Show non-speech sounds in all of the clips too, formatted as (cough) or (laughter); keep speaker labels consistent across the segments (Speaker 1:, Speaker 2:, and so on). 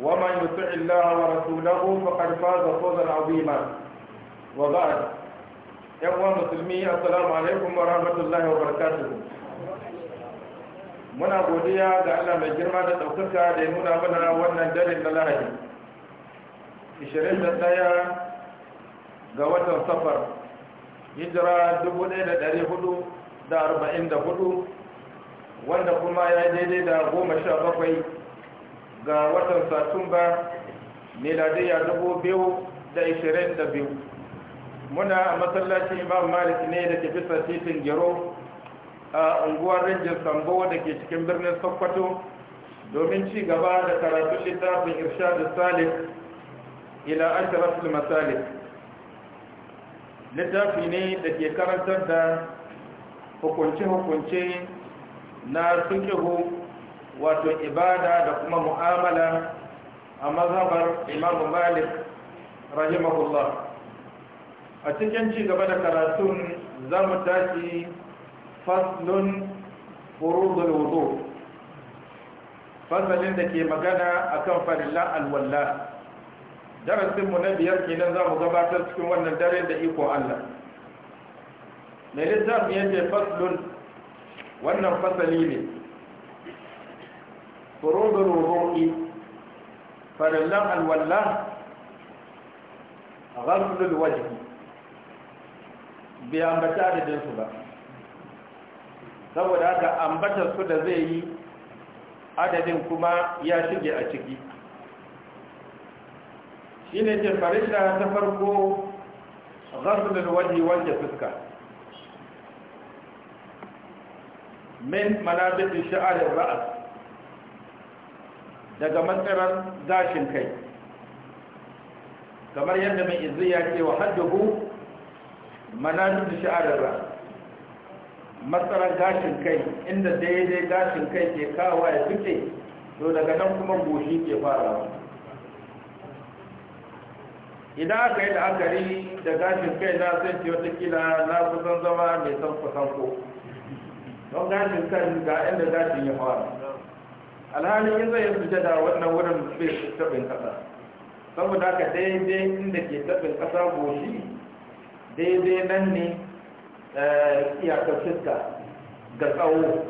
Speaker 1: ومن يطع الله ورسوله فقد فاز فوزا عظيما وبعد يا مسلمي السلام عليكم ورحمة الله وبركاته muna godiya ga Allah mai girma da ɗaukaka da ya bana mana wannan daren na lahadi 21 ga watan safar hijira 1444 wanda kuma ya daidai da goma sha bakwai ga watan satumba miladiyya dubu biyu da ishirin da biyu muna a masallacin imam malik ne da ke bisa titin gero a unguwar rangin sambo da ke cikin birnin sokoto domin ci gaba da karatun littafin irshadu salif ila ashiratul masalif littafi ne da ke karantar da hukunce-hukunce na sukihu wato ibada da kuma mu'amala a mazhabar imam malik rahimahullah a cikin ci gaba da karatun za mu tashi faslun furudul wudu fasalin da ke magana akan farilla alwalla darasinmu na biyar kenan za mu gabatar cikin wannan dare da iko Allah mai littafi yace faslun wannan fasali ne furudul wudu'i farallan alwalla ghaslul wajhi bai ambata adadin su ba saboda haka ambatar su da zai yi adadin kuma ya shige a ciki shi ne ce farilla ta farko ghaslul wajhi wanda fuska min manabit sha'ar ra'as daga matsarar gashin kai kamar yadda mai izu ya ce wa haddahu manajin sha'adar ra matsarar gashin kai inda daidai gashin kai ke kawo ya fice to daga nan kuma goshi ke fara. idan aka yi la'akari da gashin kai na sai ce watakila na kusan zama mai sanko-sanko don gashin kan ga inda gashin ya fara sani in zai da wannan wurin bai tabin kasa saboda haka daidai inda ke tabin kasa goshi daidai nan ne eh, iyakar fuska ga tsawo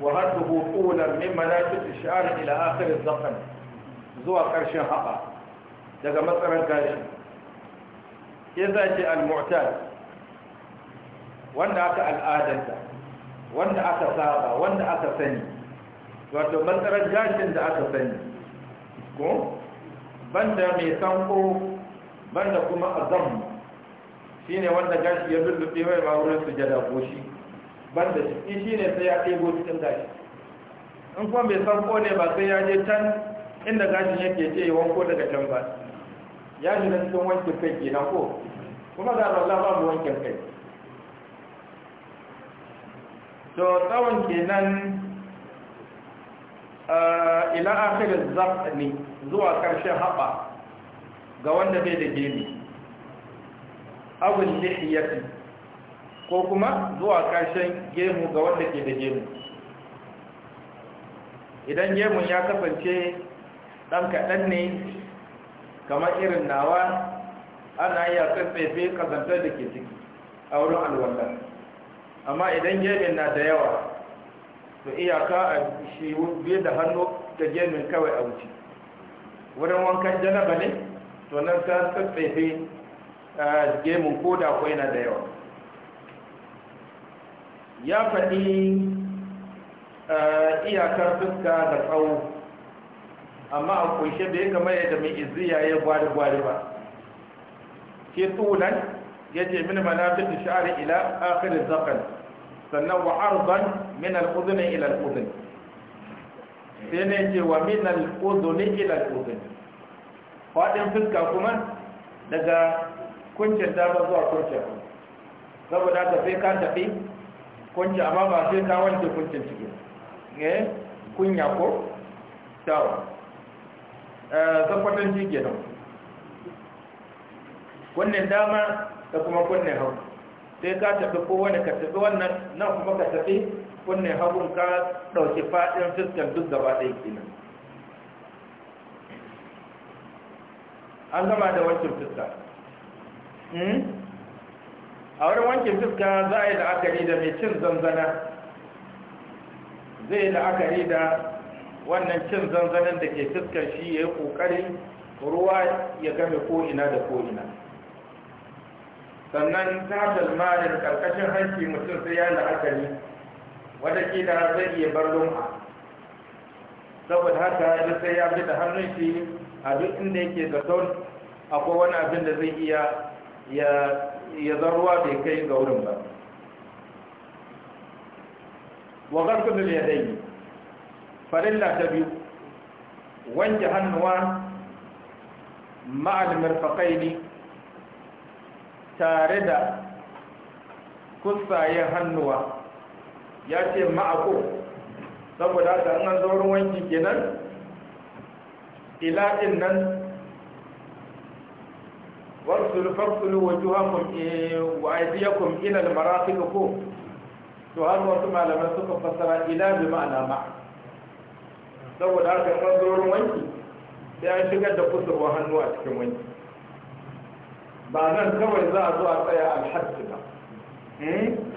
Speaker 1: wa hadduhu qulan min malakit ash ila akhir az zuwa karshen haƙa daga matsalar gashi yasa ce al-mu'tad wanda aka al'adanta wanda aka saba wanda aka sani wato bantarar gashin da aka sani ko banda mai sanko banda kuma azam shi ne wanda gashi ya lullube mai ma su jada ko shi banda shi shi ne sai ya ɗebo cikin gashi in kuma mai sanko ne ba sai ya je can inda gashin yake ce ya wanko daga can ba ya na cikin wankin kai kenan ko kuma da Allah ba mu wankin kai to tsawon kenan Eh, ila akhirin zafni zuwa karshen haɓa ga wanda bai da gemi abin lihiyati ko kuma zuwa karshen gemu ga wanda ke da gemu idan gemun ya kasance ɗan kaɗan ne kamar irin nawa ana iya tsaife kazantar da ke ciki a wurin alwallar amma idan gemin na da yawa to iyaka a shi biyu da hannu ta gemin kawai a wuce wurin wankan janaba ne to nan ta tsatsaife gemin ko da kwai na da yawa ya faɗi iyakar fuska da tsawo amma a kunshe da ya kama yadda mai iziya ya gwari-gwari ba ke tunan ya ce mini manafi fi sha'ari ila akirin zakan sannan wa arban min al-udhuni ila al-udhuni sai ne ce wa min al-udhuni ila al-udhuni fadin fuska kuma daga kuncin dama zuwa kuncin saboda ka sai ka tafi kunci amma ba sai ka wanke kuncin ciki ne eh, kunya ko tawa eh zakwatan shi kunnen dama da kuma kunnen hau. sai ka tafi ko wani ka tafi wannan nan kuma ka tafi kunne hagun ka ɗauki faɗin fiskar duk gaba ɗaya kenan an gama da wankin fiska hmm? a wurin wankin fiska za a yi la'akari da mai cin zanzana zai yi la'akari da wannan cin zanzanin da ke fiskar shi ya yi ƙoƙari ruwa ya game ko'ina da ko'ina sannan ta dalmalin ƙarƙashin hanki mutum sai ya la'akari watakila zai iya bar lum'a saboda haka da sai ya bi da hannun shi a duk inda yake zaton akwai wani abin da zai iya ya zarwa bai kai ga wurin ba wa garkudul farin farilla ta biyu wanke hannuwa ma'al ne, tare da kusayen hannuwa ya ce ma'ako saboda haka an zo ruwan wanki kenan ila'in nan wasu faksulu hankun eh, wa aydiyakum ila al-marafiq ko to har wasu malamai suka fasara ila bi ma'ana ma saboda haka an zo ruwan wanki sai an shigar da kusurwa hannu a cikin wanki ba nan kawai za a zo a tsaya alhaddu ba hmm?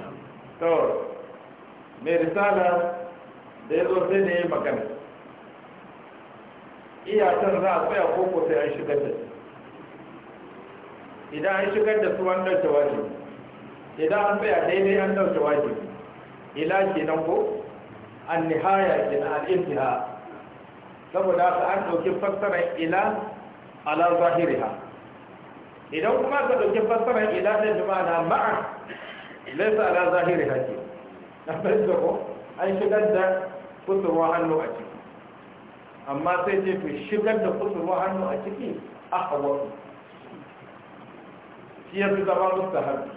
Speaker 1: mai risala da ya zo sai da ya yi magana iyakan za a tsaya koko sai an shigar da su idan an shigar da su an ɗauke wajibi idan an tsaya daidai an ɗauke wajibi ila kenan ko an nihaya kenan al'intiha saboda haka an ɗauki fassarar ila ala zahiriha idan kuma ka ɗauki fassarar ila da jima'a na ma'a laisa ala zahiriha na fahimta ko an shigar da kusurwa hannu a ciki amma sai ce fi shigar da kusurwa hannu a ciki a hawa shi ya fi zama hannu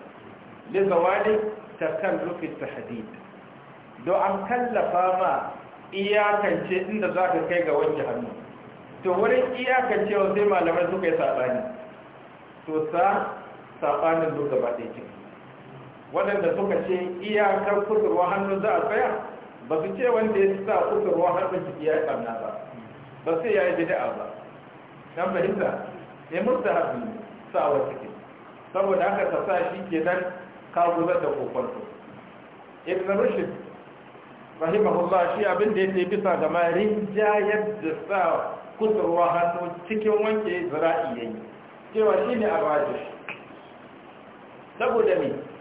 Speaker 1: ne zawali ta kan rufin tahadid don an kallafa ma iyakance inda za ka kai ga wanke hannu to wurin iyakancewa sai malamai suka yi saɓani to sa saɓanin zuwa gaba ɗaya ciki waɗanda suka ce iyakar kusurwa hannu za a tsaya ba su ce wanda ya sa kusurwa hannun jiki ya yi ɓarna ba ba sai ya yi bida'a ba ɗan fahimta ya musta sa wa ciki saboda haka ta sa shi ke nan ka guzar da kokonto ibn rushd rahimahullah shi abin da ce bisa ga ma rinjayar da sa kusurwa hannu cikin wanke zira'i yayi cewa a rajish saboda me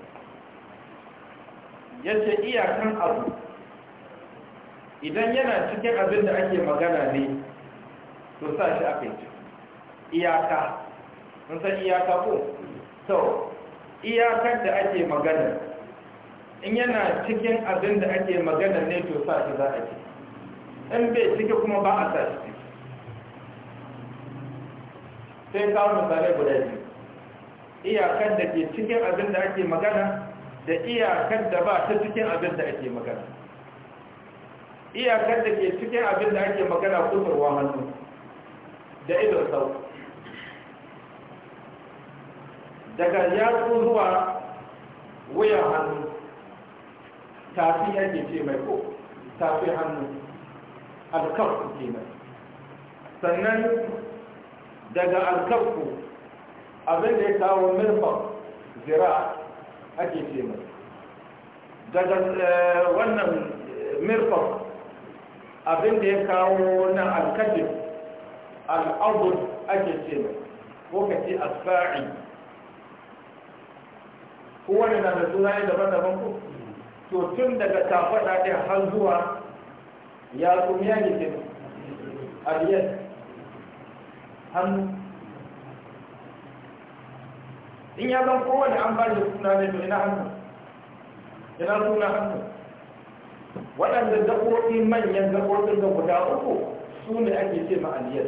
Speaker 1: yace iyakan abu idan yana cikin abin da ake magana ne to sa shi a kai iyaka mun san iyaka ko so iyakan da ake magana in yana cikin abin da ake magana ne to sa shi za a ci in bai cike kuma ba a sa shi sai kawo misalai guda biyu iyakan da ke cikin abin da ake magana da iyakar da ba ta cikin abin da ake magana iyakar da ke cikin abin da ake magana kusurwa hannu da idon sau daga yatsu zuwa wuyan hannu tafi yake ce mai ko tafi hannu alkafku ke mai sannan daga alkafku abin da ya kawo mirfa zira ake ce mai daga eh, wannan eh, mirfan abin da ya kawo na alkajin al'adun ake ce mai ko ka ce asfa'i kowane na da yin daban-daban ko to tun daga kafaɗa ɗin har zuwa ya kuma yake ce mai hannu in ya zan kowane an ba da suna ne to ina hannu ina suna hannu waɗanda zaɓoɓi manyan zaɓoɓin da guda uku su ne ake ce ma'aliyar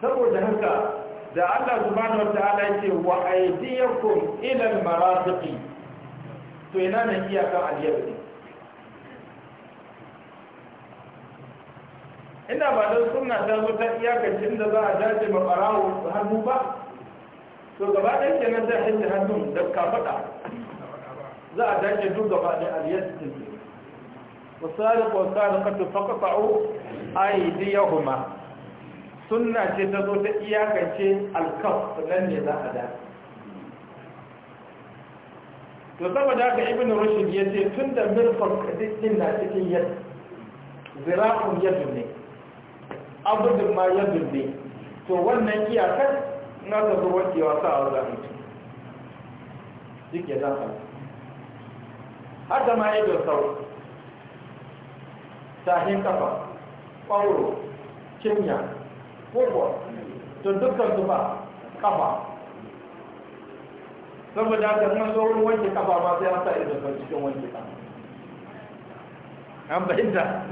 Speaker 1: saboda haka da Allah subhanahu wata ta'ala ce wa aydiyakum ilan mara marafiqi to ina ne iyaka aliyar ne ina ba don suna ta zo ta iyakacin da za a jaje ma ɓarawo hannu ba to gaba ɗaya kenan zai haifi hannun da ka faɗa za a dace duk gaba ɗaya aliyyar wasu wasu ka tufa ka fa'o a yi diya huma suna ce ta zo ta iyakance alkaf nan ne za a dace to saboda ga ibn rushd ya ce tun da mirfar kadiddin na cikin yadda zira'un yadda ne abudin ma yadda ne to wannan iyakar N'a aka zo wankewa sa a wajen zami duk ya zan hau haka ma ido sau tahin kafa ƙwauro cinya kogo to dukkan su ba kafa saboda haka nan zo wurin wanke kafa ma sai an sa ido sau cikin wanke kafa an bayyana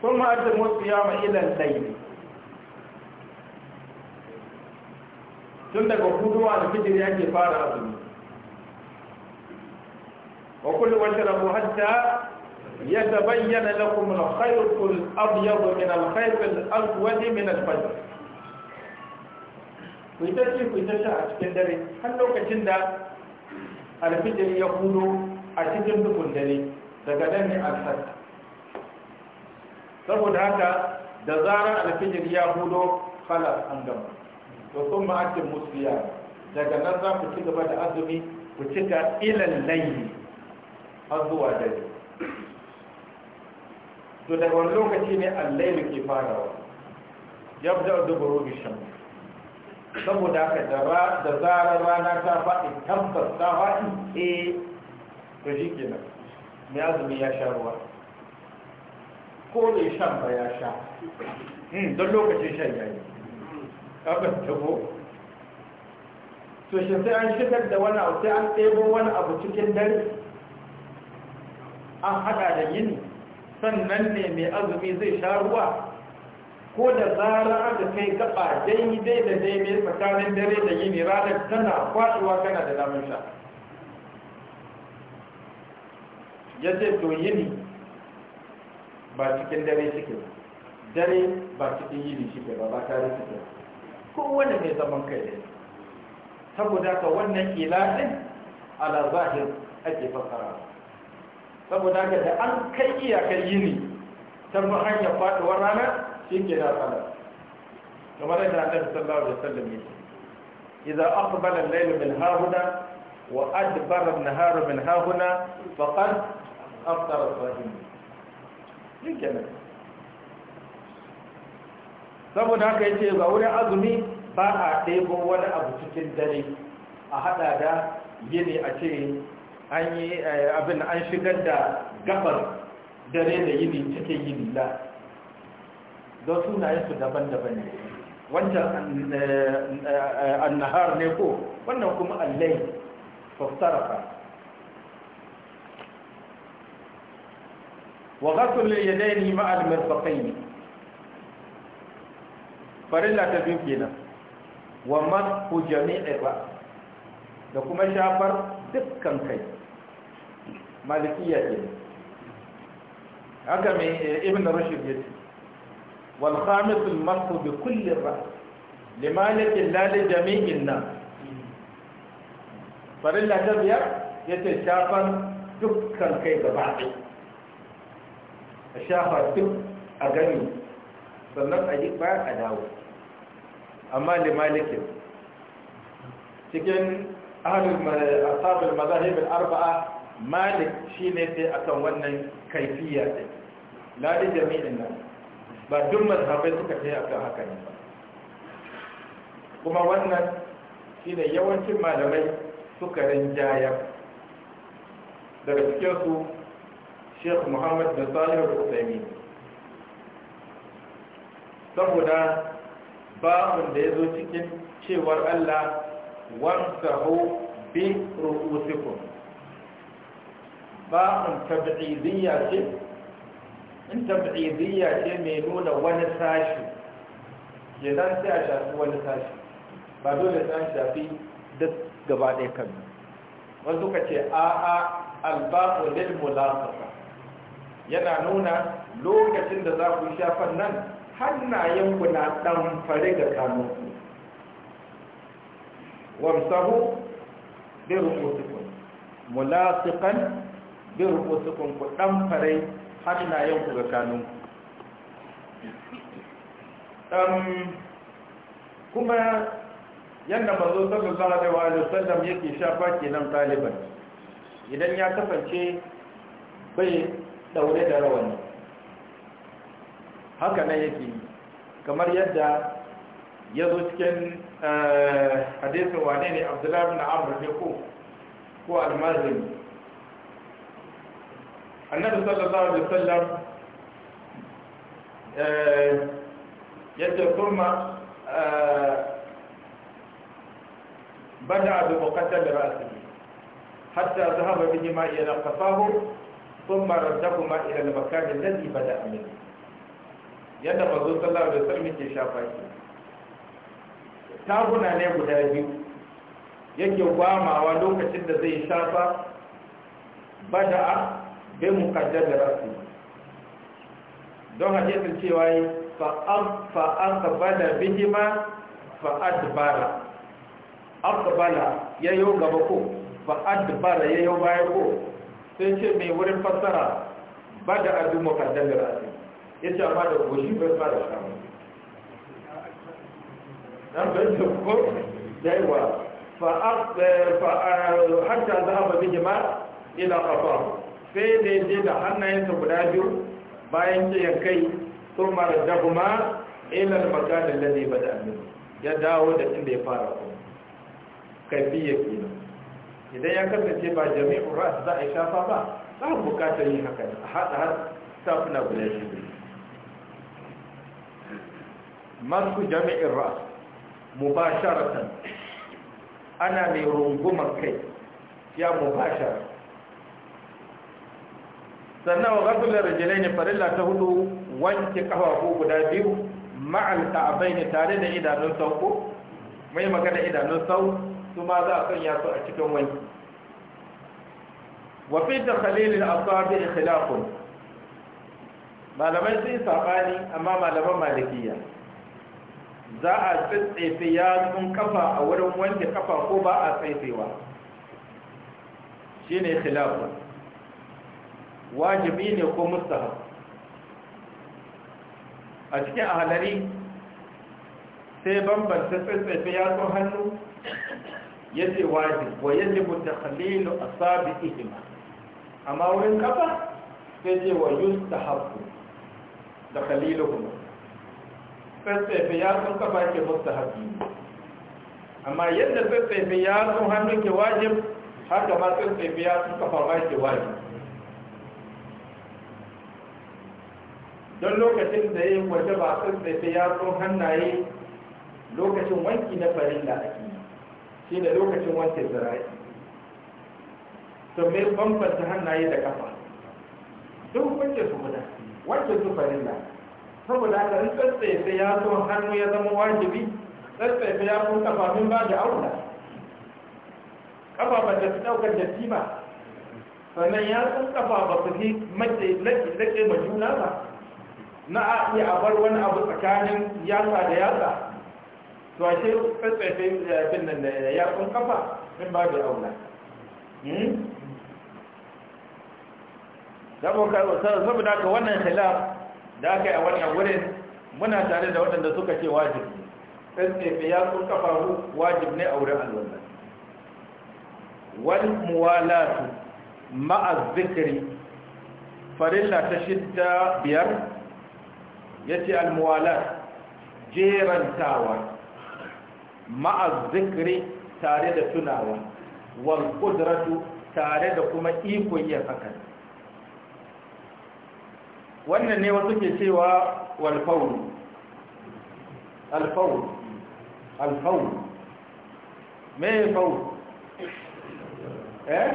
Speaker 1: kuma motsi ya ma ilan laili tun daga huduwa da fijiri ake fara azumi wa kullu washrabu hatta يتبين لكم الخيط الأبيض من Ku الأسود من ku kuitacce kuitacce a cikin dare har lokacin da alfijir ya kudo a cikin dukkan dare daga nan ne alfat saboda haka da zarar alfijir ya kudo kala an gama to sun atim musliya daga nan za ku ci gaba da azumi ku cika ilan layi har zuwa dare to daga wani lokaci ne al ke farawa yabda dubu rubi shan. saboda haka da zarar rana ta faɗi tabbas ta faɗi eh to shi kenan mai azumi ya sha ruwa ko ne shan ba ya sha hmm, don lokacin shan yayi abin tabo to shi sai an shigar da wani abu sai an ɗebo wani abu cikin dare an haɗa da yini sannan ne mai azumi zai sha ruwa ko da zara aka kai gaba daidai da daidai tsakanin dare da yini ranar tana kwaɗuwa kana da damar sha ya ce to yini ba cikin dare cikin dare ba cikin yini shi ba ba tare cikin kowane mai zaman kai ne saboda ka wannan ilahin ala zahir ake fasara saboda ka da an kai iyakar yini ta hanyar faɗuwar rana shi ke da tsala kamar yadda ta sallallahu alaihi wasallam yake idza aqbala al-layl min hahuna wa adbara an-nahar min hahuna faqad aftara as-sahim yake kenan. saboda haka yace ga wurin azumi ba a ɗebo wani abu cikin dare a hada da yini a ce an yi eh, abin an shigar da gabar dare da yini cikin yini la don su daban-daban ne wancan eh, eh, annahar ne ko wannan kuma allai fassarafa wa gasul yadaini ma'al mirfaqaini farilla ta biyu kenan wa man ku ba da kuma shafar dukkan kai malikiya ne haka mai eh, ibn rashid ya ce wal khamis al masku bi kulli ra li malikin la li jami'in nas farilla ta biyar ce shafar dukkan kai gaba ɗaya shafar duk a gani sannan a yi bayan a dawo amma limalikin cikin asabar mazahibin arba'a malik shi ne sai akan wannan kaifiya ne lalin jami'in nan ba duk mazhabai suka kai akan haka ne ba kuma wannan shi ne yawancin malamai suka rinjayar daga cikinsu sheikh muhammad da salihar usaimi saboda babun da ya zo cikin cewar Allah ho bi ru'usikum ba'un tab'idiyya ce in tab'idiyya ce mai nuna wani sashi ke nan sai a shafi wani sashi ba dole sai shafi duk gaba ɗaya kan wasu ka ce a a alba'u lil mulafaka yana nuna lokacin da za ku shafan nan hannayenku na ɗan fare ga kanunku wamsahu bi rubutukun mulasiqan bi rubutukun ku ɗan fare hannayenku ga kanunku kuma yadda mazo sallallahu alaihi wa sallam yake shafa kenan taliban idan ya kasance bai daure da rawani haka nan yake yi kamar yadda ya zo cikin eh, hadisun wane ne abdullahi na amurka ko ko almarzini annabi sallallahu alaihi wasallam eh, yadda kurma eh, bada abu bukatar da rasu ne hatta zahaba bihi ma iya na kafahu kuma rantakuma ila na bakar da zai bada amini yadda mazu sallar da wasallam ke shafa shi taguna ne guda biyu yake gwamawa lokacin da zai shafa a bai mukaddar da rasu don hadisin cewa yi fa'an kabala bihima fa'adbara akabala ya yau gaba ko bara ya yau baya ko sai ce mai wurin fassara a bai mukaddar da rasu ya ce amma da goshi bai fara samu an bai da ko fa eh, eh, hatta zahaba bi jama ila qafa sai ne je da hannayensa guda biyu bayan ya kai sun mara da kuma ilal makanin lalle ba da amini ya dawo da inda ya fara kuma kaifi ya fi idan ya kasance ba jami'u ra'a za a shafa ba za a bukatar yin haka a haɗa har safina guda shi masu jami'in ra'a mubasharatan ana mai rungumar kai ya Mubashar. sannan wa gasular rijilai ne farilla ta hudu wanke kafafu guda biyu ma'al ta'abai ne tare da idanun sauko, ko mai magana idanun sau su ma za a sanya su a cikin wanki wafi da khalilin asabi ikhilafun malamai sun yi saɓani, amma malaman malikiya za a tsaitsefe yatsun kafa a wurin wanda kafa ko ba a tsaifewa shi ne khilafu wajibi ne ko mustahab a cikin ahalari sai bambanta tsaitsefe yatsun hannu ya ce wajib wa yadda halilu a sabi ihima amma wurin kafa sai ce wa hafu da khalilu kuma tsaife yatsun kafa ke mustahabi amma yadda tsaife yatsun hannu ke wajib haka ma tsaife yatsun kafa ba ke wajib don lokacin da ya waje ba tsaife yatsun hannaye lokacin wanki na farin da ake shi da lokacin wanke zira'i to me bambanta hannaye da kafa duk wanke su guda wanke su ake saboda haka in tsatsaife ya zo hannu ya zama wajibi tsatsaife ya kun kafafin ba da aula kafa ba ta ɗaukar daukar da ba sannan ya kun kafa ba su fi mace ma juna ba na a iya a bar wani abu tsakanin yasa da yasa to a ce ya fi eh, nan da ya kun kafa min ba da aula hmm? saboda ka wannan khilaf da aka yi a wannan wurin muna tare da waɗanda suka ce wajib ne ya sun kafaru wajib ne a wurin alwallah Wani muwalatu ma'a zikiri farilla ta shidda biyar ya ce al jerantawa ma'a zikiri tare da tunawa wal kudratu tare da kuma ikon yin hakan wannan ne wasu ke cewa walfaul alfaul alfaul me faul eh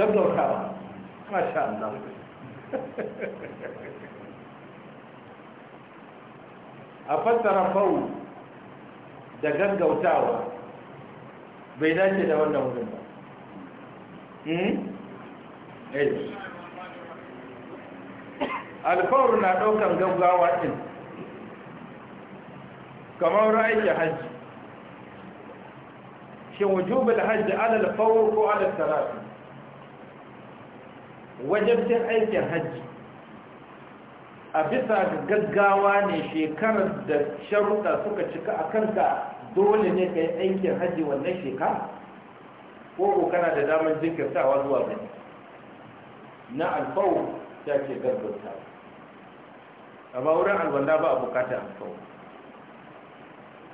Speaker 1: gaggautawa, masha Allah a fassara faul da gaggautawa bai dace da wannan wurin ba hmm? eh. alfawar na ɗaukan gaggawa ɗin kamar ra'ayi hajji shi wujubul hajji ala alfawar ko ala salatu wajabcin aikin hajji a bisa gaggawa ne shekarar da sharuɗa suka cika a kanka dole ne ka yi aikin hajji wannan shekara ko kana da damar jinkirtawa zuwa gani na alfawu ta ke gaggauta amma wurin alwanda ba a bukatar alfawar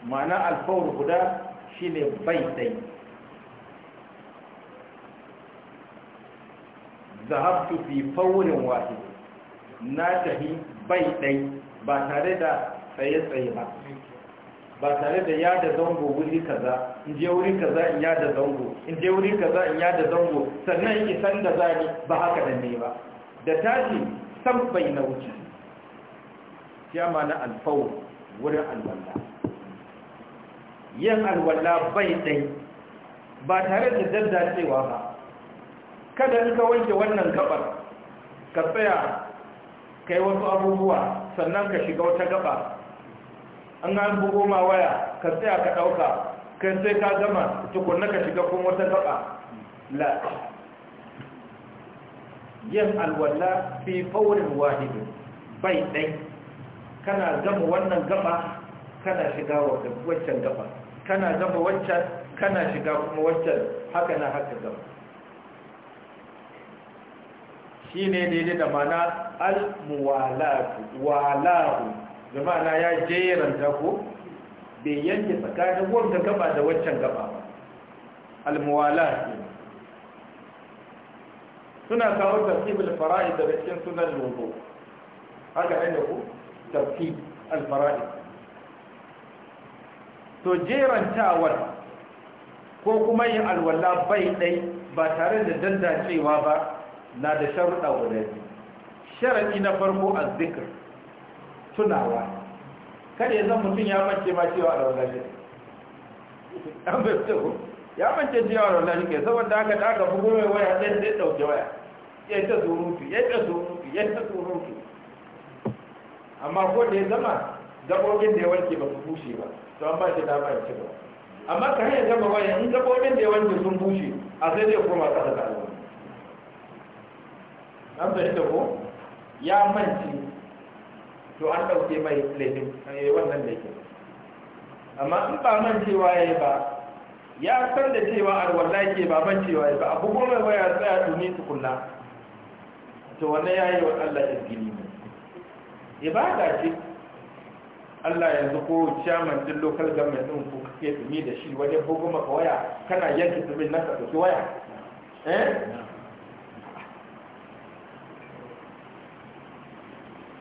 Speaker 1: ma'ana alfawar guda shi ne bai dai zahabtu fi fawurin wahid na tafi bai dai ba tare da tsaye-tsaye ba ba tare da ya da zango wuri kaza in je wuri kaza in ya da zango in je wuri kaza in ya da zango sannan isan da zani ba haka da ne ba da tashi san bai na wuce ya mana alfawar wurin alwallah yin alwallah bai ɗai ba tare da daddacewa ba kada in ka wanke wannan gabar ka tsaya ka yi wasu abubuwa sannan ka shiga wata gaba an an bugo ma waya ka tsaya ka ɗauka kai sai ka gama tukunna ka shiga kuma wata gaba la yin alwala fi faurin wahidi bai ɗai kana gama wannan gaba kana shiga waccan gaba kana gama waccan kana shiga kuma waccan haka na haka gaba shi ne daidai da mana al-muwalatu walahu zamana ya jeranta ko bai yanke tsakanin wanda gaba da waccan gaba al-muwalatu suna kawo tartibul fara'id da cikin sunan lobo haka ne ku tartib al-fara'id to jerantawar ko kuma yin alwala bai dai ba tare da dandacewa ba na da sharuɗa guda biyu sharaɗi na farko a zikir tunawa kada ya zan mutum ya mace ma cewa alwala shi an bai fito ya mace cewa alwala shi ke saboda haka da aka bugu mai waya zai ɗauke waya ya ta surutu ya ta surutu ya ta surutu amma ko da ya zama gabobin da ya wanke ba su bushe ba to an ba shi dama ya ci gaba amma ka hanyar zama waya in gabobin da ya wanke sun bushe a sai zai koma kasa da alwani an fahimta da ko ya manci to an ɗauke mai laifin eh, wannan yake amma in ba mancewa ya yi ba ya san da cewa alwala yake ba mancewa ya ba abubuwan mai ba ya tsaya tuni tukunna to wannan ya yi wa Allah ne ibada ce Allah yanzu ko chairman din local government din ku kake tumi da shi ko bugu maka waya kana yanke tumi na ka ki waya eh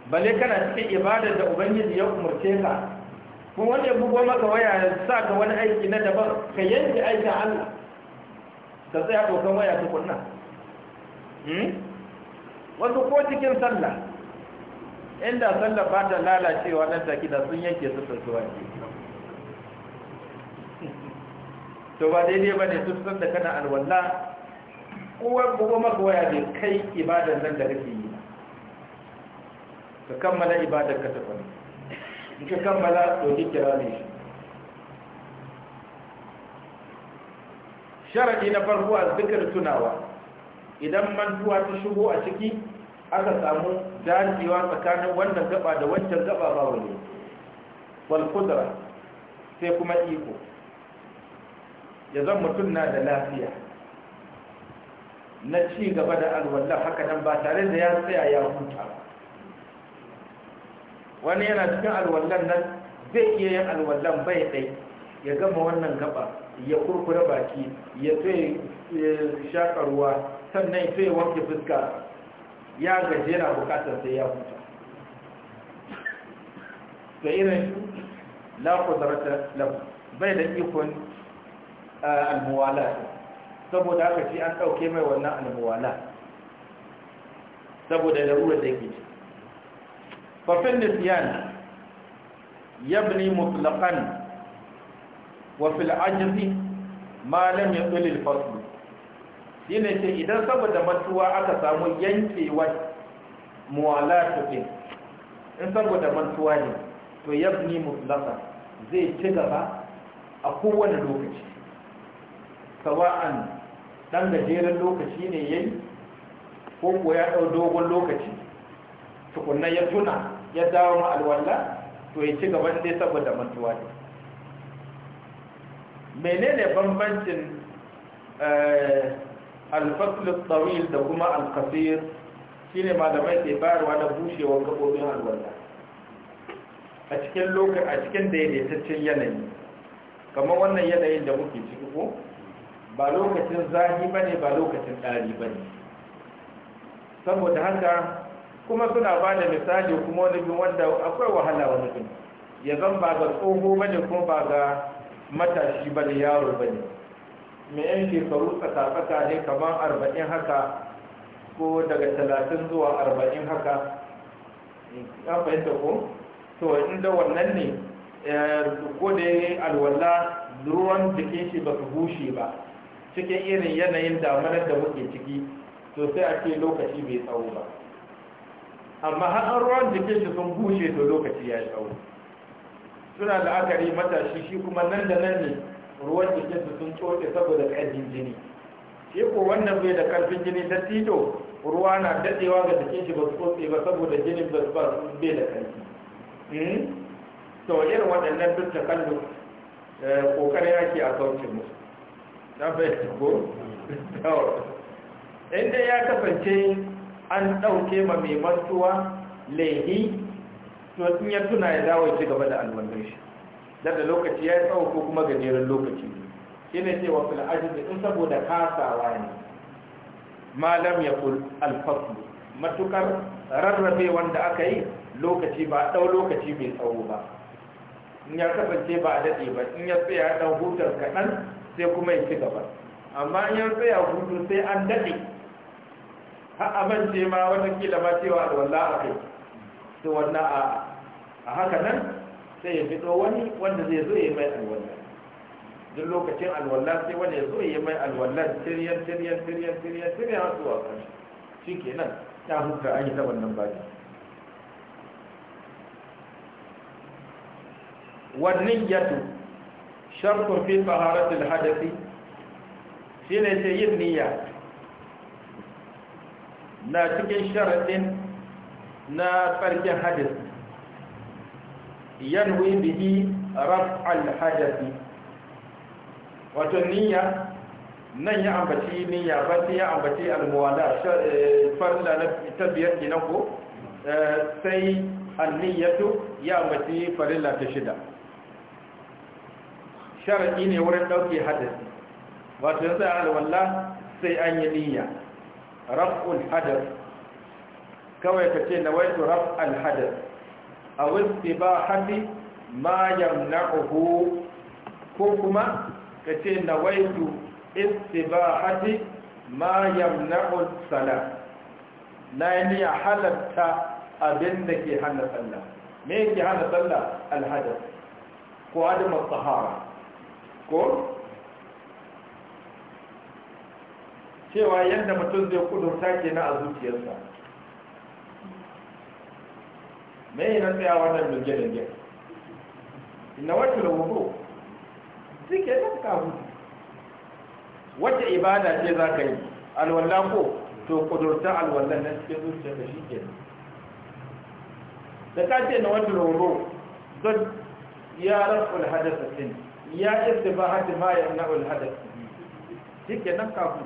Speaker 1: bale kana cikin ibadar da ubangiji ya umarce ka Ko wanda bugo maka waya ya sa ka wani aiki na daban ka yanke aikin Allah ka tsaya dokan waya tukunna hmm? wasu ko cikin sallah inda sallar ba ta lalacewa nan take da sun yanke su sassuwa to ba daidai ba ne su san da kana alwalla uwar kuma maka waya bai kai ibadan nan da kake yi ka kammala ibadar ka ta tafi in ka kammala to ki kira ne shi sharadi na farko a zikir tunawa idan mantuwa ta shigo a ciki aka samu dacewa tsakanin wannan gaba da wancan gaba ba wani wal kudura sai kuma iko ya zan mutum na da lafiya na ci gaba da alwallah haka nan ba tare da ya tsaya ya huta wani yana cikin alwallan nan zai iya yin alwallan bai dai, ya gama wannan gaba ya kurkura baki ya tsaye shakarwa sannan ya tsaye wanke fuska ya gaji yana bukatar sai ya huta da irin la kudrata lahu bai da ikon almuwala saboda haka shi an dauke mai wannan almuwala saboda larura da yake fa fil nisyan yabni mutlaqan wa fil ajzi ma lam yaqil al fasl shi ne ce idan saboda mantuwa aka samu yankewar muwalatu ɗin in saboda mantuwa ne to yabni mutlaka zai ci gaba a kowane lokaci sawa'an ɗan gajeren lokaci ne yayi ko ko ya dau dogon lokaci tukunna ya tuna ya dawo ma alwala to ya ci gaba dai saboda mantuwa ne menene bambancin eh, alfasul tsawil da kuma alkasir shine malamai ke bayarwa da bushewar gabobin alwala a cikin lokacin a cikin daidaitaccen yanayi kamar wannan yanayin da muke ciki ko ba lokacin ba ne ba lokacin ɗari ba ne saboda haka kuma suna ba da misali kuma wani bin wanda akwai wahala wani bin ya zan ba ga tsoho ba ne kuma ba ga matashi ba bane yaro ba ne. mai yan shekaru tsaka-tsaka ne kamar arba'in haka ko daga talatin zuwa arba'in haka ya fahimta ko to inda wannan ne eh, ko da ya yi alwala ruwan jikin shi ba su bushe ba cikin irin yanayin damanar da muke ciki to sai a ce lokaci bai tsawo ba amma har ruwan jikin shi sun bushe to lokaci ya tsawo suna la'akari matashi shi kuma nan da nan ne ruwan jikinsu sun coce saboda ƙarfin jini shi ko wannan bai da ƙarfin jini ta tito ruwa na daɗewa ga jikin shi ba su tsotse ba saboda jinin ba su bai da ƙarfi hmm? to irin waɗannan duk da kallo eh, ƙoƙarin ake a sauce musu na fahimta ko inda ya kasance an ɗauke ma mai mantuwa laihi to in ya tuna ya dawo ci gaba da alwandar shi daga da lokaci ya yi tsawo ko kuma gajeren lokaci shi ne cewa fil da in saboda kasawa ne malam ya kul alfasu matukar rarrabe wanda aka yi lokaci ba a ɗau lokaci mai tsawo ba in ya kasance ba a daɗe ba in ya tsaya ɗan hutar kaɗan sai kuma ya ci gaba amma in ya tsaya hutu sai an daɗe Ha amince ma wata kila ma cewa alwala a kai to wannan a haka nan sai ya fito wani wanda zai zo ya mai alwallah duk lokacin alwallah sai wani ya zo ya mai alwallah tiryan tiryan tiryan tiryan tiryan har zuwa ƙarshe shi nan, ta huta an yi ta wannan baki wannan yato sharkun fi taharatul hadasi shi ne sai yin niyya na cikin sharaɗin na tsarkin hadis ينوي به رفع الحدث وتنية نية أمبتي نية بسية أمبتي الموالاة آه، فرلا تبيا جنوه آه، سي النية يا أمبتي فرلا تشدا شرعي نورن دوكي حدث وتنسى على والله سي أن ينية رفع الحدث كما يكتين نويت رفع الحدث a wasu ba hafi ma yamna'uhu ko kuma ka ce na waitu hati ma yamna'u sala na yi niyya halatta abin da ke hana sallah me ke hana sallah alhadar ko adama sahara ko cewa yadda mutum zai kudurta ke na a zuciyarsa me yi tsaya wannan dunge Ina inna wata lauro Sike da ka hutu wata ibada ce za ka yi alwallah ko to kudurta alwallan nan cikin zuciya da shi ke da ka ce na wata lauro don ya rasu alhadasa sin ya isa ba hadi ma ya na alhadasa shi Sike nan ka hutu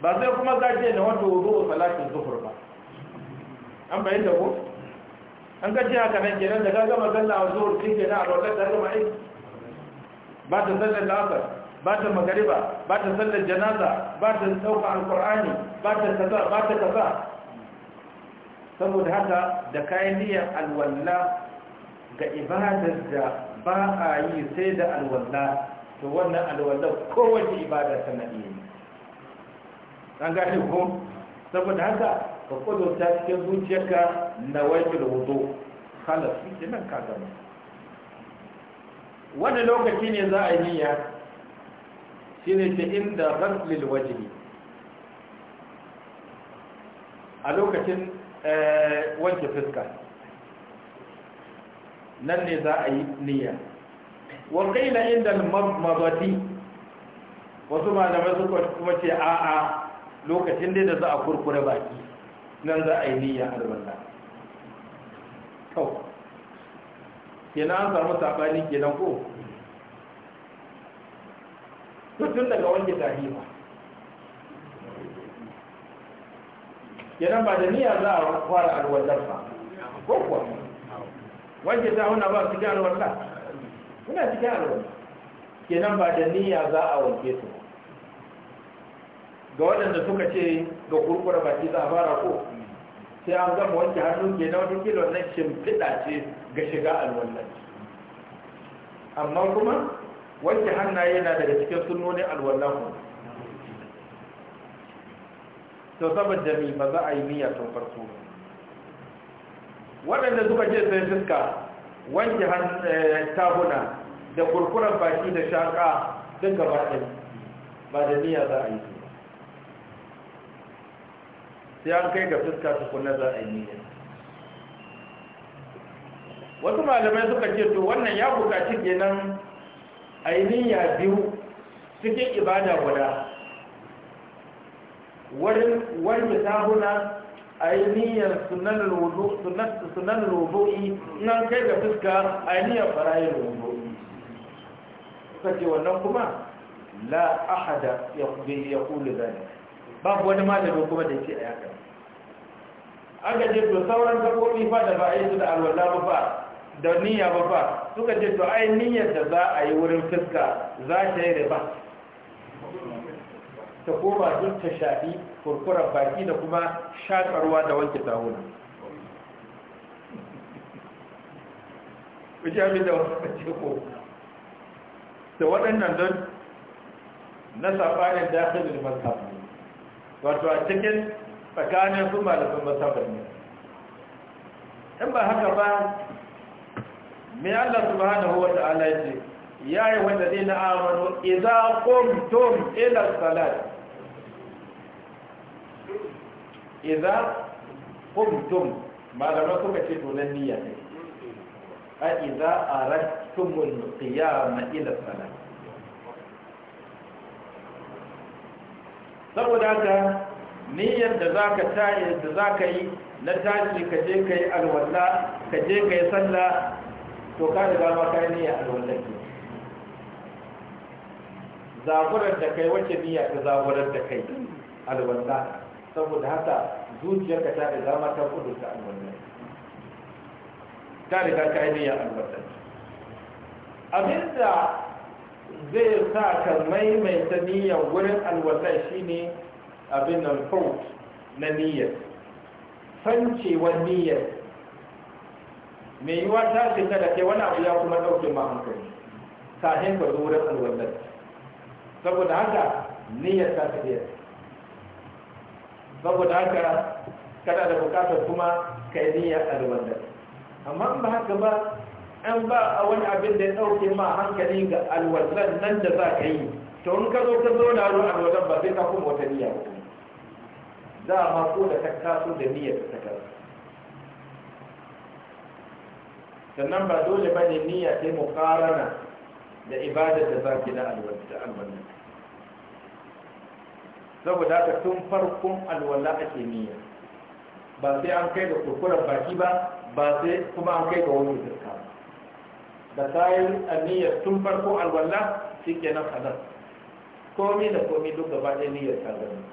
Speaker 1: ba sai kuma ka ce na wata wuro salatin zuhur ba an bayyana ko an ka jiya kanan kenan da ka gama sallah a zuwa cikin kenan a lokacin da gama aiki ba ta sallar la'asar ba ta magariba ba ta sallar janaza ba ta sauka alkur'ani ba ta kaza ba ta kaza saboda haka da kayan niyyar alwalla ga ibadar da ba a yi sai da alwalla to wannan alwalla kowace ibada ta iya ne an gashi ko saboda haka ka kudurta cikin zuciyarka na wajen wudu kala su ke nan ka gama wani lokaci ne za a yi niyya shi ne ta inda raslil wajibi a lokacin eh, wanke fuska nan ne za a yi niyya wakila inda mabadi wasu malamai su kuma ce a'a lokacin da za a kurkure baki nan za a yi niyya wanda kawai kenan an samu saɓani kenan ko tun daga wanke tahima kenan ba da niyya za a fara alwallar ba ko kuwa wanke ta huna ba cikin alwallar kuna cikin alwallar kenan ba da niyya za a wanke su ga waɗanda suka ce ga kurkura baki za a fara ko sai an gama wanke hannu ke na wani kilo na shimfiɗa ce ga shiga alwallaci amma kuma wanke hannaye na daga cikin sunonin alwallahu to saboda jami ba za a yi niyya tun farko waɗanda suka ce sai fuska wanke eh, tabuna da kurkuren baki da shaƙa duk gaba ba da niyya za a yi su sai an kai ga fuska tukunan za a yi wasu malamai suka ce to wannan ya bukaci kenan a yi biyu cikin ibada guda wani misahuna a yi sunan rubu'i na kai ga fuska a yi niyyar farayin rubu'i suka ce wannan kuma la ahada ya kuli zane babu wani malamai kuma da ke a yakan an gaje to sauran gaɓoɓi fa da ba a yi su da alwala ba fa da niyya ba fa suka ce to ai niyyar da za a yi wurin fuska za ta yi riba ta koma duk ta shafi kurkurar baki da kuma shakarwa da wanke tahuna kuce abin da wasu ce ko da waɗannan don na safanin dakhilin mazhab wato a cikin tsakanin su malamin masabar ne in ba haka ba mai Allah subhanahu wa ta'ala ce ya yi wanda zai na amano iza kumtum ila salat iza kumtum malama suka ce tunan niyya ne a iza arattumul qiyama ila salat saboda haka niyyar da za ka taye da za ka yi na tashi ka je ka yi alwalla ka je ka yi sallah to ka da dama ka yi niyyar alwalla ke zaburar da kai wacce niyyar ta zaburar da kai alwalla saboda haka zuciyarka ta da dama ta ta alwalla ta riga ka yi niyyar alwalla abinda zai sa ka maimaita niyyar wurin shi shine abin nan fort na niyyar fancewar niyyar mai yiwa ta shekara da kai wani abu ya kuma ɗauke ma hankali kafin ka zo wurin alwallar saboda haka niyyar ta fi saboda haka kana da bukatar kuma ka yi niyyar alwallar amma in ba haka ba an ba a wani abin da ya ɗauke ma hankali ga alwallar nan da za ka yi to in ka zo ka zo na ruwan alwallar ba sai ka kuma wata niyya ba Za a ko da ka da niyyar ta kaza sannan ba dole ba ne niyya ta mukarana da ibadar da za ki na alwallan saboda haka tun farkon alwala ake niyya ba sai an kai ga kurkuren baki ba ba sai kuma an kai ga wani zirka da kayan aniyar tun farko alwala shi nan. halar komi da komi duk gaba ɗaya niyyar ta zama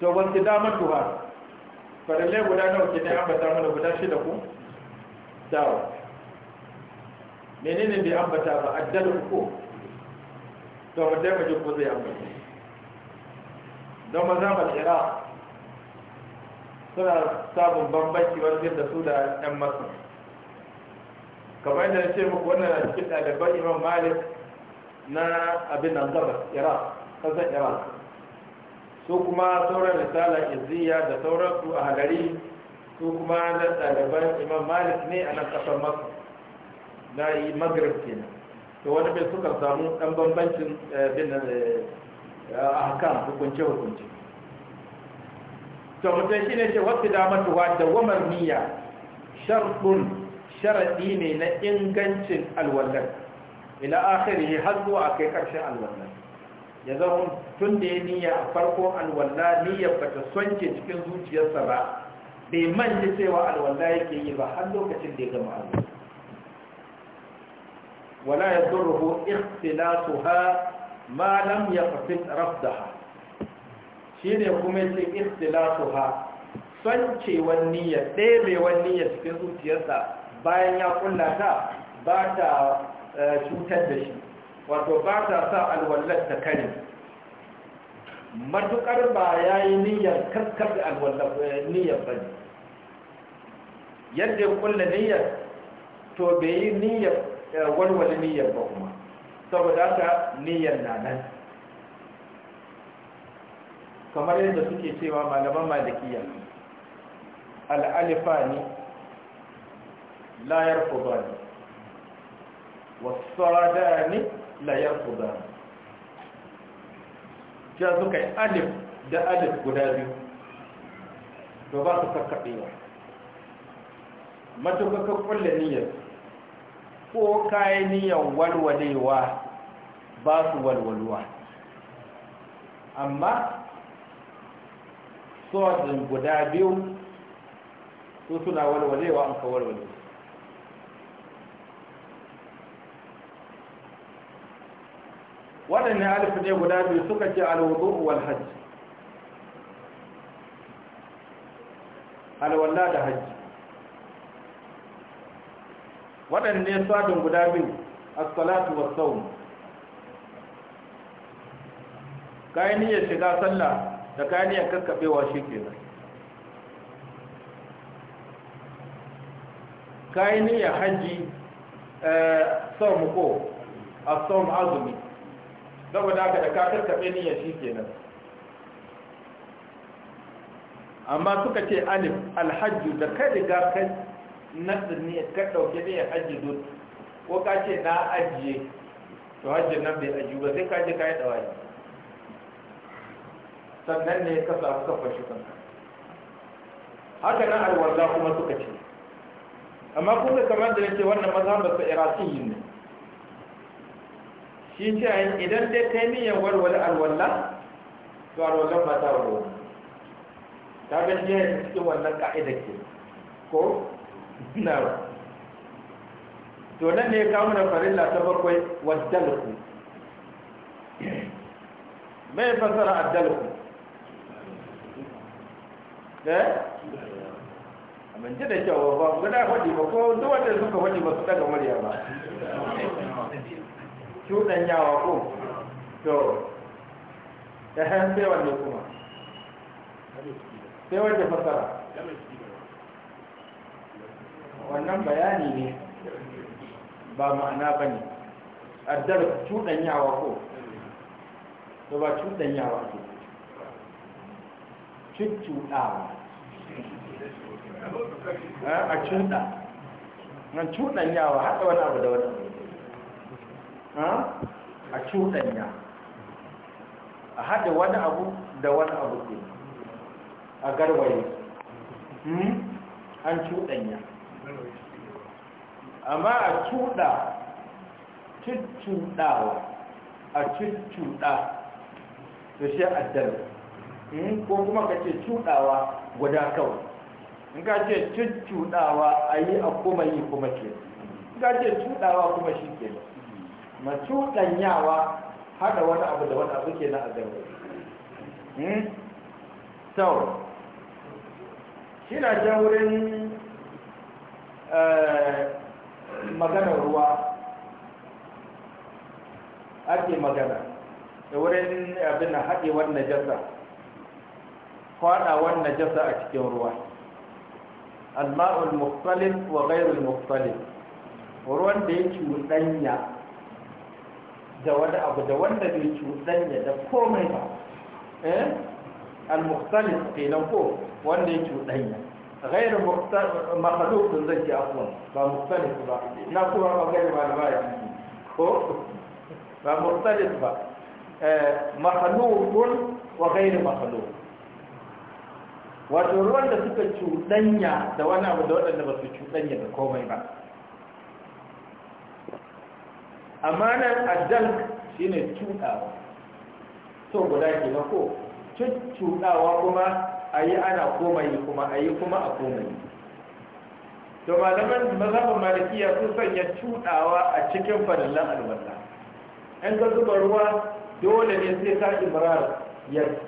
Speaker 1: to wanda damar duha farallai guda nawa ne an ambata mana guda shida ku dawo menene bai ambata ba addal ko to mu dai mu ji ko zai ambata don mazhabar iraq suna samun bambanci wajen da su da ɗan masu kamar yadda na ce muku wannan na cikin ɗaliban imam malik na abin nan gabas iraq ƙasar iraq su kuma sauran risala izziya da sauransu a halari su kuma na ɗaliban imam malik ne a nan ƙasar masu na yi magrib kenan to wani bai suka samu ɗan bambancin eh, bin eh, a hakan hukunce hukunce to shi ne ce wasu damatuwa da wamar niyya sharɗin sharaɗi ne na ingancin alwallar ila akhiri har zuwa kai ƙarshen alwallar ya zama tun da ya niyya a farkon alwallah niyyar ba ta sonke cikin zuciyarsa ba bai manta cewa alwallah yake yi ba har lokacin da ya gama alwala wala ya zurruhu ikhtilatuha ma lam ha," rafdaha ne kuma yace ikhtilatuha soncewar niyyar ɗebewar niyya cikin zuciyarsa bayan ya kulla ta ba ta eh, cutar da shi wato ba ta sa alwallar ta kare matukar ba ya yi niyyar karkar da alwallar eh, niyyar ba ne yadda ya kulla niyyar to bai yi niyyar eh, walwale niyyar ba kuma saboda haka niyyar na nan kamar yadda suke cewa malaman malikiya ne layar kubani wasu ne la yarkuda ya suka yi alif da alif guda biyu to ba su sakkaɗewa matuƙa ka kulle niyyar ko kayan niyyar walwalewa ba su walwalwa amma sojin guda biyu su suna walwalewa an ka walwalewa Waɗanne alif ne guda biyu suka ce alwudu wal hajji alwalla da hajji. waɗanne sadin guda biyu as-salatu was-sawm kayan ya shiga sallah da kayan niyyar kakkabewa shikenan kayan ya hajji eh sawm ko as-sawm azumi saboda haka da ka tattaɓe niyyar shi kenan amma suka ce alif alhajju da kai riga kai nasa ne ka ɗauke ne hajji don ko ka ce na ajiye to hajji nan bai ajiye ba sai ka je ka yi ɗawaye sannan ne ka samu kafa shi kanka haka nan alwallah kuma suka ce amma kuma kamar da nake wannan mazhabar sa yi ne shi ce idan dai ta yi niyyar walwala alwala to alwalan ba ta wuro ta ga shi yanzu cikin wannan ka'ida ke ko na ba to nan ne kawo na farilla ta bakwai waddalku mai fasara addalku eh amince da kyau ba guda faɗi ba ko duk suka faɗi ba su daga murya ba cuɗanyawa ko to da han sai wanda kuma sai wanda fasara wannan bayani ne ba ma'ana ba ne addar cuɗanyawa ko to ba cuɗanyawa ke cuɗawa eh, a cuɗa nan cuɗanyawa haɗa wani abu da wani abu a cuɗanya a haɗe wani abu da wani abu ke a garwaye hmm? an cuɗanya amma a cuɗa cuccuɗawa a cuccuɗa da shi addar hmm? ko kuma ka ce cuɗawa guda kawai in ka ce cuccuɗawa a yi a kuma yi kuma ke in ka ce cuɗawa kuma shi ke danyawa haɗa wani abu da wani abu ke na azauri so hmm? shi na jan wurin eh, maganar ruwa ake magana da wurin abin wannan haɗewar najasa wannan najasa a cikin ruwa alma'ul muftalin wa gairul muftalin ruwan da ya cuɗanya da wani abu da wanda bai cuɗanya da komai ba eh al-muqtalis kenan ko wanda ya cuɗanya ghairu makhluqun zaki afwan ba muqtalis ba na kuma ba gari ba ba ya ko ba muqtalis ba eh makhluqun wa ghairu makhluq wato ruwan da suka cuɗanya da wani abu da wanda ba su cuɗanya da komai ba amma nan shi shine tudawa to guda ke na ko tudawa kuma yi ana komai kuma a yi kuma a komai to malaman mazhabin malikiya sun sanya tudawa a cikin fadallan alwala an ka zuba ruwa dole ne sai ka imrar yadda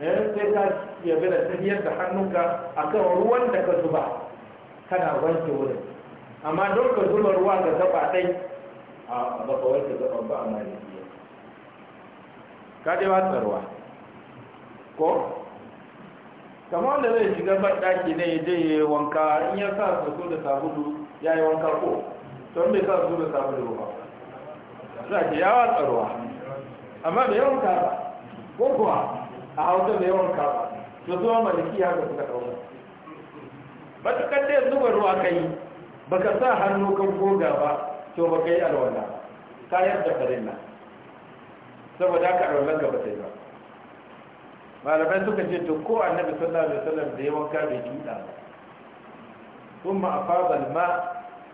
Speaker 1: eh, sai ka bi da tafiyar da hannunka a kan ruwan da ka zuba kana wanke wurin amma don ka zuba ruwa ga zaba ɗai a mafawar ta ba a malikiya kaɗe ba tsarwa ko Kamar wanda zai shiga banɗaki ne ya je wanka in ya sa su da sabulu ya yi wanka ko don bai sa su da sabulu ba za ke yawa tsarwa amma bai yawan ba ko kuwa a hausa bai yawan ba su zuwa maliki malikiya ga Ba ta matuƙar ɗaya zuba ruwa ka yi ba ka sa hannu kan goga ba to ba kai alwala ka yarda farilla saboda ka alwalan ka ba sai ba malamai suka ce to ko annabi sallallahu alaihi wasallam da yawan ka bai tuda ba kuma afada ma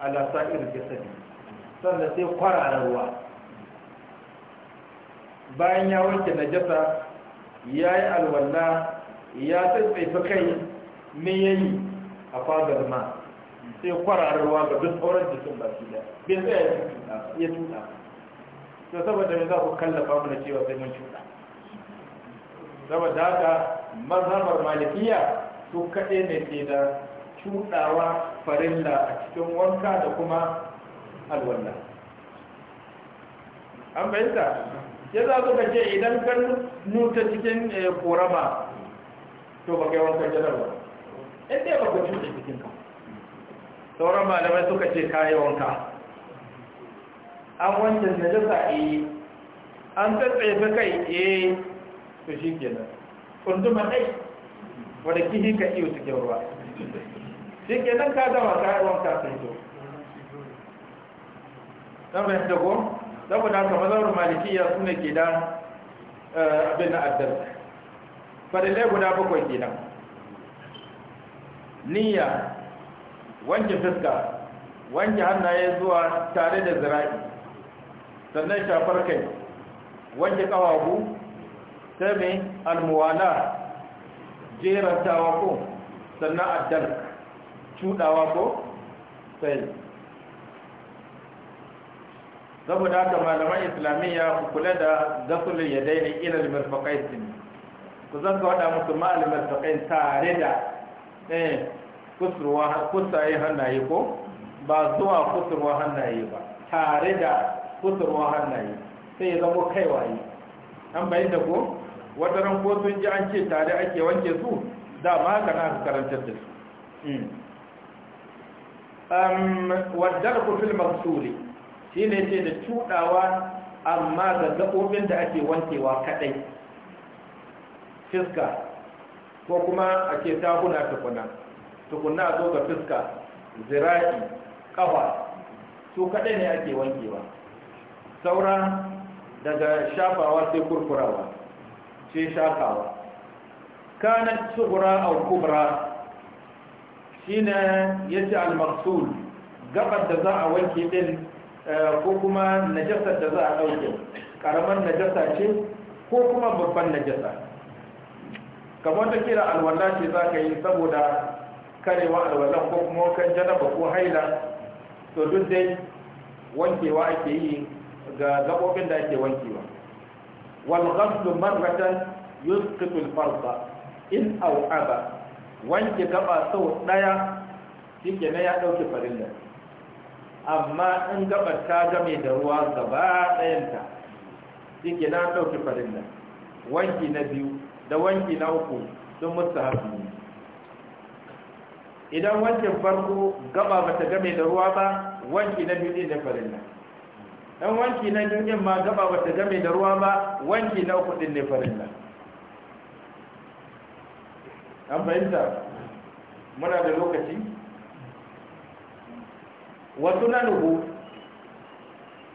Speaker 1: ala sa'ir jasadi sannan sai kwarara ruwa bayan ya wanke najasa ya yi alwala ya tsaifaita kai me yayi afada ma sai kwararruwa ga duk sauran jikin baki da bai tsaya ya tuta to saboda me za ku kallafa mana cewa sai mun cuta? saboda haka mazhabar malikiya su kaɗai ne ke da cuɗawa farilla a cikin wanka da kuma alwalla an bayyanta ya za su kace idan kan nuta cikin korama eh, to ba kai wankan janar ba in dai ba ku cuɗe cikin ka sauran malamai suka ce kayan wanka an wancan na jasa yi eh. an tattaifi kai e eh. su shi ke nan kunduma ɗai wadda kihi ka iyo cikin ruwa shi ke nan ka zama kayan wanka sai to don bai dago saboda haka mazaurin maliki ya suna ke da eh, abin na adal fadilai guda bakwai ke nan niyya wanke fuska wanke hannaye zuwa tare da zira'i sannan shafar kai wanke ƙawagu sai mai almuwala jerantawa ko sannan addal cudawa ko sai saboda haka malaman islamiyya ku kula da gasulun ya daina ilal mirfaƙai su ne ku zan ka waɗa musulman ma'al tare da eh kusurwa hannaye ko ba zuwa kusurwa hannaye ba tare da kusurwa hannaye sai ya zama kaiwaye an bayan da ko wata ran ko sun ji an ce tare ake wanke su da ma haka na karantar da su hmm. wadar ku fil maksuli shi ne ce da cuɗawa amma ga gaɓoɓin da ake wankewa kaɗai fiska ko kuma a ce tahuna tukuna tukunna a zo ga fuska zira'i kafa su kaɗai ne ake wankewa saura daga shafawa sai kurkurawa ce shafawa kanan tsubura a kubra shi ne ya ce almaksul gabar da za a wanke ɗin eh, ko kuma najasar da za a ɗauke ƙaramar najasa ce ko kuma babban najasa kamar da kira alwala ce za ka yi saboda karewa alwalan ko kuma wankan janaba ko haila to duk dai wankewa ake yi ga gabobin da ake wankewa wal ghaslu marratan yusqitu al farda in aw aba wanke gaba sau daya shike ne ya dauke farilla amma in gaba ta game da ruwa gaba dayanta shike na dauke farilla wanki na biyu da wanki na uku sun mustahabi idan wankin farko gaba ba ta game da ruwa ba wanki na biyu da na dan wanki na biyu ma gaba ba ta game da ruwa ba wanki na uku din ne na an fahimta muna da lokaci wasu na nuhu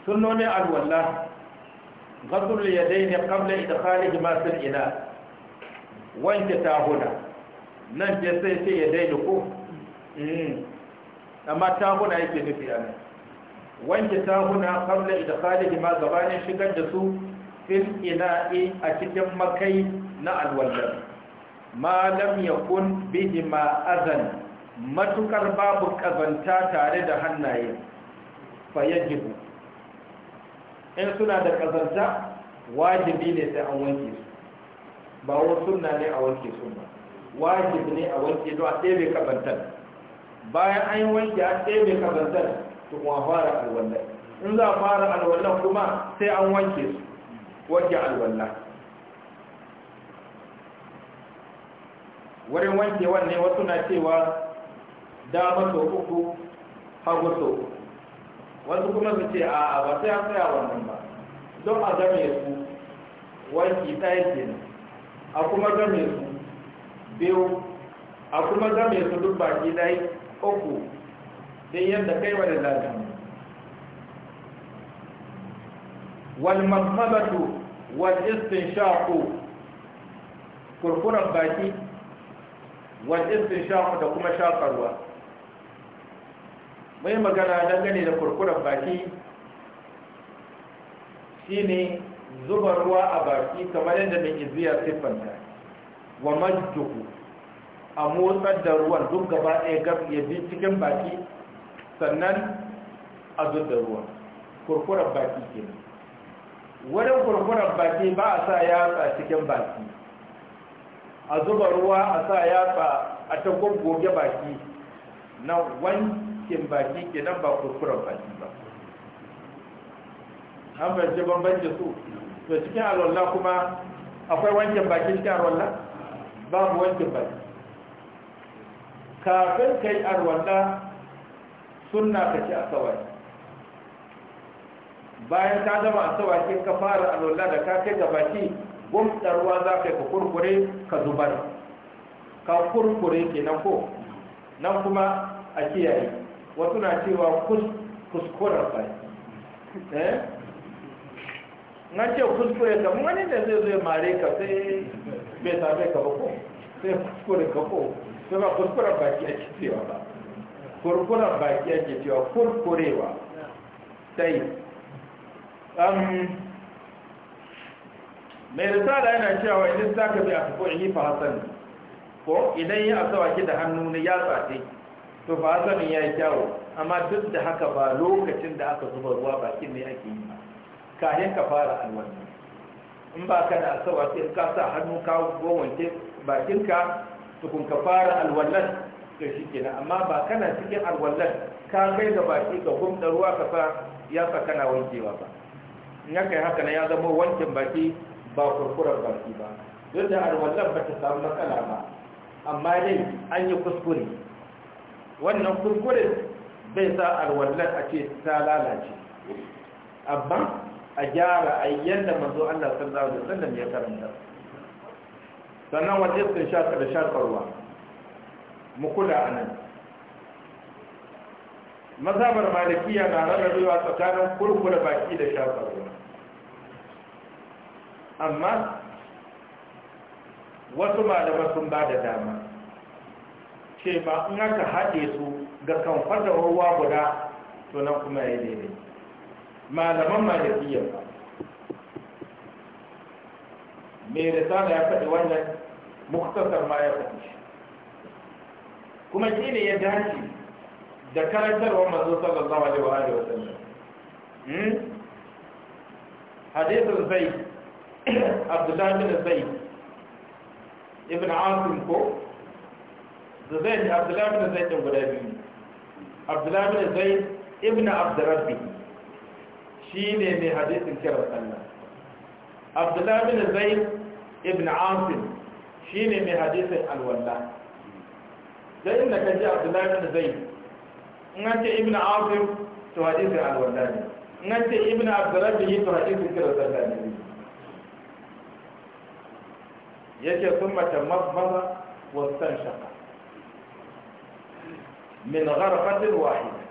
Speaker 1: sunnoni alwallah غسل اليدين قبل إدخال ما في ina wanke tahuna nan ce sai sai ya daina ko Mm. amma tahuna yake nufi a nan wanke tahuna kabla da ma gabanin shigar da su fil ina'i a cikin makai na alwallar ma lam yakun bihi ma azan matukar babu kazanta tare da hannaye fa yajibu in suna da kazanta wajibi ne sai an wanke su ba wasu sunna ne a wanke su ba wajibi ne a wanke su a ɗebe kazantar bayan an yi wanke an ɗebe kazantar su kuma fara alwallah in za a fara alwallah kuma sai an wanke su wanke alwallah wurin wanke wanne wasu na cewa dama so uku hagu so, wasu kuma su ce a ba sai an tsaya wannan ba don a game su wanki ɗaya kenan a kuma game su biyu a kuma game su duk baki ɗaya uku din yadda kai wa da wal martabatu wal istinshaqu kurkuran baki wal istinshaqu da kuma shakarwa mai magana dangane da kurkuran baki shine zuba ruwa a baki kamar yadda mai iziya siffanta wa majduhu a motsar da ruwan duk gaba ɗaya gab ya bi cikin baki sannan a zo da ruwan kurkurar baki ke wurin kurkurar baki ba a sa yatsa cikin baki a zuba ruwa a sa yatsa a ta goge baki na wankin baki ke nan ba kurkurar baki ba an ban bambanci su to cikin alwallah kuma akwai wankin baki cikin alwallah babu wankin baki kafin ka yi arwanda sunna ka ci asawaki bayan ka gama ke ka fara alwala da ka kai gabaki gumtsarwa za ka yi ka kurkure ka zubar ka kurkure ke nan ko nan kuma a kiyaye wasu na cewa kuskurar baki eh? na ce kuskure ka wani da zai zai mare ka sai bai same ka bako sai kuskure ka ko to ba baki a cewa ba Kurkura baki a cewa kurkurewa sai um mai risala yana cewa idan za ka bi a fiko in yi fahasan ko idan ya asawa ki da hannu na ya tsate to fahasanin ya yi kyawo amma duk da haka ba lokacin da aka zuba ruwa bakin ne ake yi kayan ka fara alwani in ba ka da asawa sai ka sa hannu ka gowanke bakinka tukun ka fara alwallan to shi kenan amma ba kana cikin alwallan ka kai da baki ka gumda ruwa ka fa ya fa kana wankewa ba in ya kai haka na ya zama wankin baki ba kurkurar baki ba duk da alwallan ba ta samu matsala ba amma dai an yi kuskure wannan kuskure bai sa alwallan a ce ta lalace amma a gyara a yi yadda manzo Allah sallallahu alaihi wasallam ya karanta sannan waje sun sha da shaƙarwa. mu kula a nan mazhabar malikiya na zuwa tsakanin kurkura baki da shaƙarwa. amma wasu malama sun ba da dama ce ba in aka haɗe su ga kamfata ruwa guda tunan kuma ya daidai malaman malikiya ba mai risala ya faɗi wannan muktasar ma ya faɗi shi kuma shi ne ya dace da karantarwar manzo sallallahu alaihi wa alihi hadith hmm? hadisin zai (coughs) abdullahi bin zai ibn asim ko da zai da abdullahi bin zai din guda biyu abdullahi bin zai ibn abdurrabbi shi ne mai hadisin kiran Allah. abdullahi bin zaid ibn asim shine mai hadisin alwalla da inda kaji abdullahi bin zaid in an ce ibn asim to hadisin alwalla ne in an ce ibn abdurrabbi to hadisin kira sallah ne yake sun mace mazmaza wasan shaka min gharfatin wahida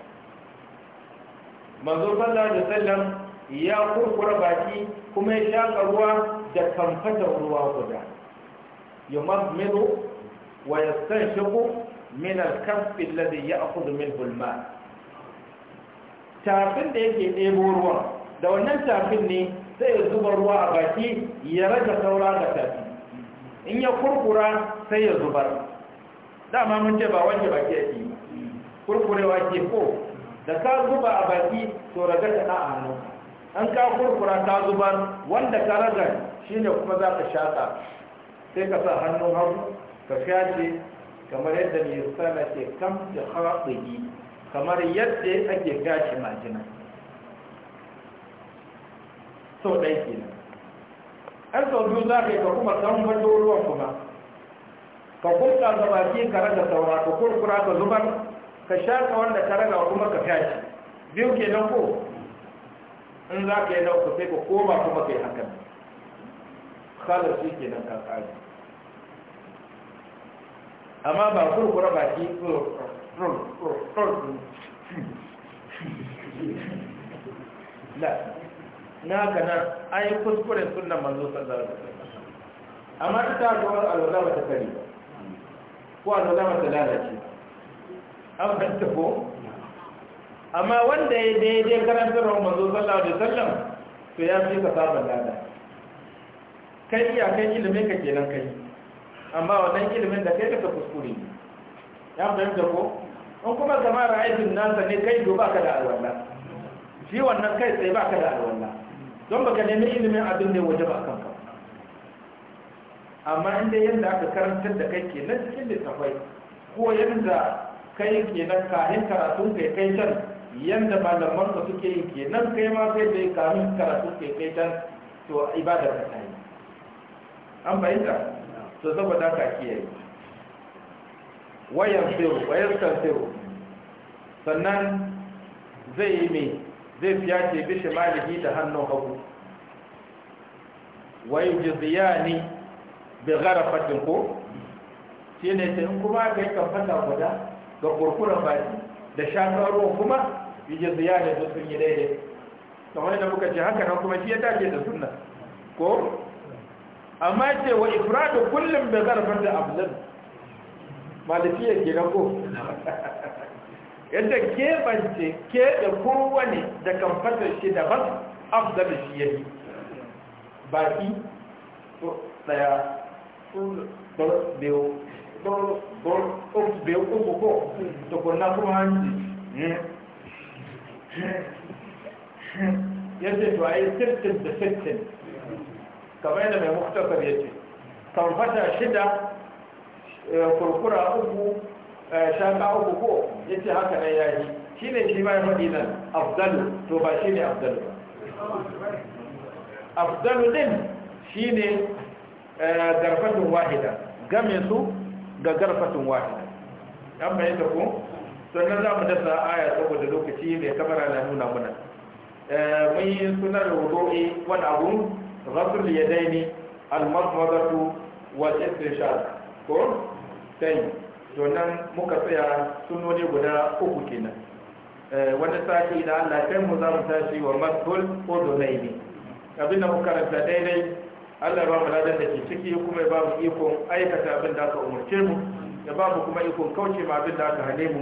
Speaker 1: manzo sallallahu alaihi wasallam ya kurkura baki kuma ya shaƙa ruwa da kamfatar ruwa guda ya mazmiru wa ya san shigo min alkamfin ladin ya akudu min hulma tafin da yake ɗebo ruwan da wannan tafin ne sai ya zuba ruwa a baki ya rage saura ga tafi in ya kurkura sai ya zubar dama mun ce ba wanke baki ke kurkurewa ke ko da ka zuba a baki to raga ta a hannunka an ka kurkura ta zubar wanda ka raga shi ne kuma za ka shaƙa sai ka sa hannun hagu ka fyace kamar yadda mai sana ke kamta haɗi kamar yadda ake fyace majina sau ɗai nan an sau biyu za ka yi ka kuma tambato ruwan kuma ka kurka ga baki ka raga saura ka kurkura ka zubar ka shaƙa wanda ka raga kuma ka fyace biyu kenan ko in za ka yi na uku sai ka koma kuma ka yi hakan kalar shi ke nan kan tsari amma ba kurkura baki ki na ka nan an yi kuskure sunan manzo sallar da wasallam amma ta ta zuwa alwala ba ta kari ba ko alwala ba ta lalace an fanta ko amma wanda ya daidai karantarwa mazo sallallahu alaihi wasallam to ya fi ka saba lada kai kai ilimin ka kenan kai amma wannan ilimin da kai ka kuskure ya ya da ko in kuma kamar ra'ayin nasa ne kai duba ka da alwala shi wannan kai sai ba ka da alwala don baka nemi ilimin abin da ya waje ba ka amma inda yadda aka karantar da kai kenan cikin littafai ko yadda kai kenan kayan karatun kai kai can yanda malaman ka suke yi ke nan kai ma sai da kamun karatu ke kai can to ibada ka ta yi an fahimta to saboda ka kiyaye wayan firu wayan firu sannan zai yi mai zai fiya ce bishe maliki da hannun hagu wai jiziya ne bai gara fatin ko shi ne sai kuma ga yi kamfata guda ga kurkuren baki da shakar kuma yake su ya da sun yi daidai kamar da muka ce haka kuma shi ya dace da sunna ko amma ce wa ifradu kullum da zarfar da ablan malikiya ke na ko (laughs) yadda ke ke da kowane da kan fasar shi daban afdal shi ya yi baƙi ɗaya bai uku ko tukunan kuma hannu. Hmm. ce to a yi sittin da sittin kamar yadda mai muktasar ya ce kamfata shida eh, kurkura uku eh, shaka uku ko ya ce haka na ya yi shi ne shi ma ya faɗi nan afdalu to ba shi ne afdalu ba din shi ne eh, garfatun wahida game su ga garfatun wahida an bayyanta ku sannan za mu dasa aya saboda lokaci mai kamara na nuna muna eh, mun yi sunar wudu'i wani abu ghasl ya daini almazmazatu wa istinshaq ko sai to nan muka tsaya sunoni guda uku kenan eh, wani sati da Allah kai mu za mu tashi wa masbul udunaini abin da muka rasa daidai Allah ba mu ladan da ke ciki kuma ya ba mu ikon aikata abin da aka umarce mu ya ba mu kuma ikon kauce ma abin da aka hane mu